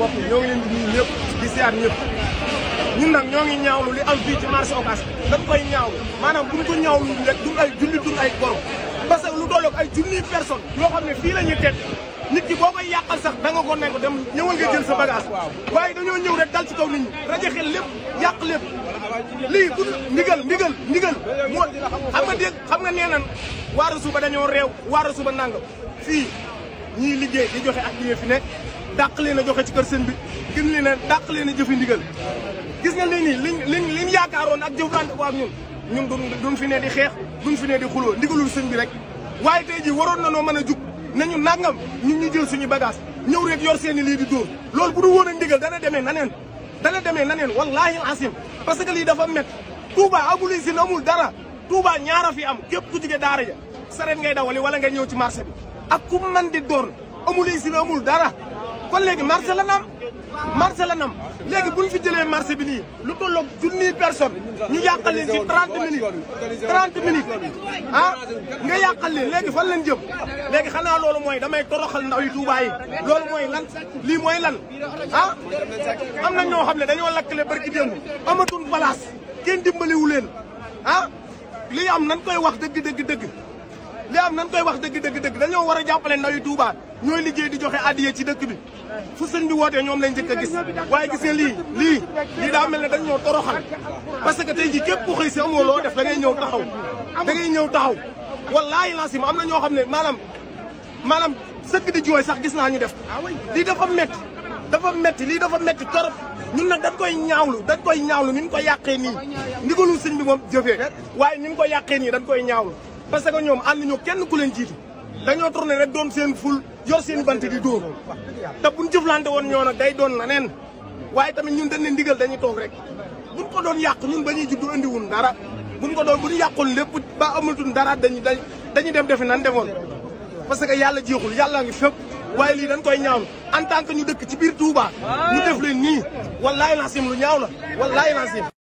bopp ñoo ngi leen di nuyu ñëpp di siyaar ñëpp ñun nag ñoo ngi ñaawlu li am fii ci marché Ocass dañ koy ñaawlu maanaam ko ñaawlu rek duñ ay julli duñ ay gor parce que lu dooloog ay junniy personne yoo xam ne fii la ñuy teg nit ki boo koy yàqal sax da nga ko nekk dem ñëwal nga jël sa bagage waaye dañoo ñëw rek dal ci kaw nit ñi rajaxe lépp yàq lépp lii bu ndigal ndigal ndigal moo xam nga dégg xam nga nee nan waaru suba dañoo réew waaru suba nangam fii ñii liggéey di joxe ak liggéey fi nekk dàq leen a joxe ci kër sëñ bi gën leen a leen a jëfi ndigal gis ne lii nii liñ liñ liñ yaakaaroon ak jëflante ko ak ñun ñun duñ fi ne di xeex duñ fi ne di xuloo ndigalul sëñ bi rek waaye tey ji waroon na noo mën a jug nañu nangam ñun ñu jël suñu bagage ñëw rek yor seen i lii di dóor loolu bu du woon a ndigal dana demee na neen dana demee na neen wallaahi asim parce que lii dafa met Touba amul usine amul dara Touba ñaara fi am képp ku jige daara ja sareet ngay dawali wala nga ñëw ci marché bi ak ku man di doon amul usine amul dara kon léegi marché la nam marché la nam léegi bu ñu fi jëlee marché bi nii lu tolloog junniy personne ñu yàqal leen ci 30 minutes 30 minutes ah nga yàqal leen léegi fan lañ jëm léegi xanaa loolu mooy damay toroxal ndaw yi Touba yi loolu mooy lan lii mooy lan ah am na ñoo xam ne dañoo lakkale barki démb amatul balaas kenn dimbaliwu leen ah li am nan koy wax dëgg dëgg dëgg li am nan koy wax dëgg dëgg dañoo war a jàppale ndaw yi Touba ñooy liggéey di joxe addiye ci dëkk bi fu sëñ bi wootee ñoom lañ njëkk a gis waaye gis lii lii lii daa mel ne dañ ñoo toroxal parce que tey ji képp ku xëy si amoo loo def da ngay ñëw taxaw da ngay ñëw taxaw wallaahi laasim am na ñoo xam ne maanaam maanaam sëkk di jooy sax gis naa ñu def lii dafa metti dafa metti lii dafa metti torop ñun nag dañ koy ñaawlu dañ koy ñaawlu ni ñu ko yàqee nii ndigalu sëñ bi moom jëfee waaye ni ñu ko yàqee nii dañ koy ñaawlu parce que ñoom ànd ñu kenn ku leen jiitu dañoo tourné rek doon seen ful yor seen bant di dóor te buñ jëflante woon ñoo nag day doon na neen waaye tamit ñun dañ ne ndigal dañuy toog rek buñ ko doon yàq ñun ba ñuy juddu andiwun dara buñ ko doon bu ñu yàqoon lépp ba amatuñ dara dañu dañ dañuy dem defi nan defoon parce que yàlla jeexul yàlla ngi fépp waaye lii dañ koy ñaaw en tant que ñu dëkk ci biir Touba ñu def leen nii wallaahi laasim lu ñaaw la wallaahi laasim